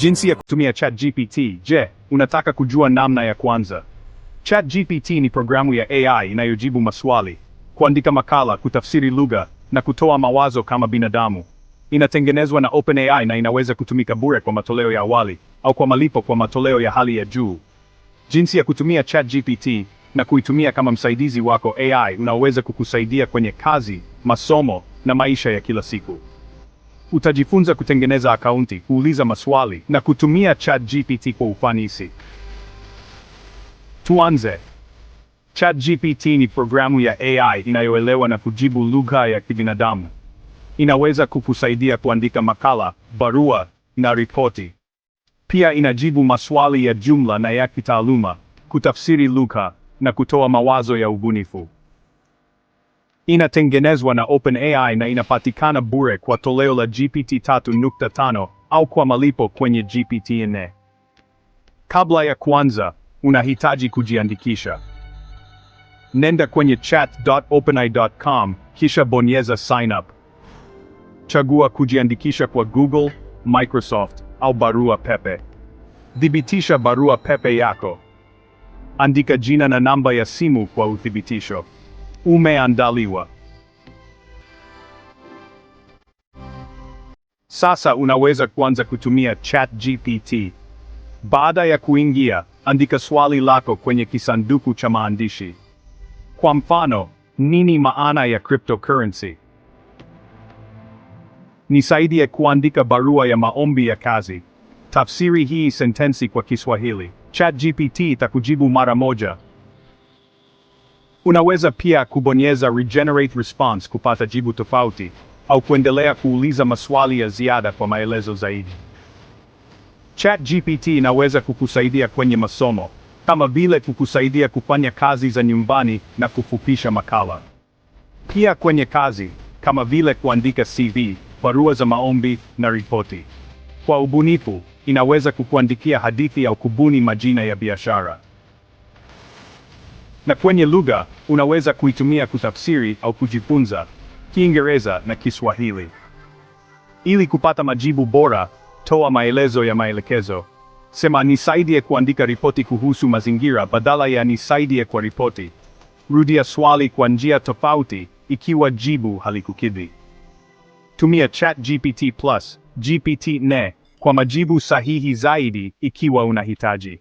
Jinsi ya kutumia ChatGPT. Je, unataka kujua namna ya kwanza? ChatGPT ni programu ya AI inayojibu maswali, kuandika makala, kutafsiri lugha na kutoa mawazo kama binadamu. Inatengenezwa na OpenAI na inaweza kutumika bure kwa matoleo ya awali au kwa malipo kwa matoleo ya hali ya juu. Jinsi ya kutumia ChatGPT na kuitumia kama msaidizi wako AI unaoweza kukusaidia kwenye kazi, masomo na maisha ya kila siku. Utajifunza kutengeneza akaunti, kuuliza maswali na kutumia ChatGPT kwa ufanisi. Tuanze. ChatGPT ni programu ya AI inayoelewa na kujibu lugha ya kibinadamu. Inaweza kukusaidia kuandika makala, barua na ripoti. Pia inajibu maswali ya jumla na ya kitaaluma, kutafsiri lugha na kutoa mawazo ya ubunifu. Inatengenezwa na OpenAI na inapatikana bure kwa toleo la GPT 3.5 au kwa malipo kwenye GPT 4. Kabla ya kuanza, unahitaji kujiandikisha. Nenda kwenye chat.openai.com kisha bonyeza sign up. Chagua kujiandikisha kwa Google, Microsoft au barua pepe. Thibitisha barua pepe yako. Andika jina na namba ya simu kwa uthibitisho umeandaliwa. Sasa unaweza kuanza kutumia ChatGPT. Baada ya kuingia, andika swali lako kwenye kisanduku cha maandishi. Kwa mfano, nini maana ya cryptocurrency? Nisaidie kuandika barua ya maombi ya kazi. Tafsiri hii sentensi kwa Kiswahili. ChatGPT itakujibu mara moja. Unaweza pia kubonyeza regenerate response kupata jibu tofauti au kuendelea kuuliza maswali ya ziada kwa maelezo zaidi. ChatGPT inaweza kukusaidia kwenye masomo kama vile kukusaidia kufanya kazi za nyumbani na kufupisha makala. Pia kwenye kazi kama vile kuandika CV, barua za maombi na ripoti. Kwa ubunifu, inaweza kukuandikia hadithi au kubuni majina ya biashara na kwenye lugha unaweza kuitumia kutafsiri au kujifunza Kiingereza na Kiswahili. Ili kupata majibu bora, toa maelezo ya maelekezo. Sema nisaidie kuandika ripoti kuhusu mazingira badala ya nisaidie kwa ripoti. Rudia swali kwa njia tofauti ikiwa jibu halikukidhi. Tumia ChatGPT Plus, GPT-4 kwa majibu sahihi zaidi ikiwa unahitaji.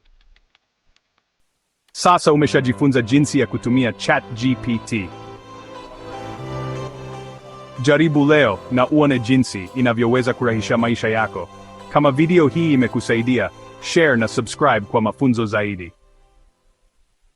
Sasa umeshajifunza jinsi ya kutumia ChatGPT. Jaribu leo na uone jinsi inavyoweza kurahisha maisha yako. Kama video hii imekusaidia, share na subscribe kwa mafunzo zaidi.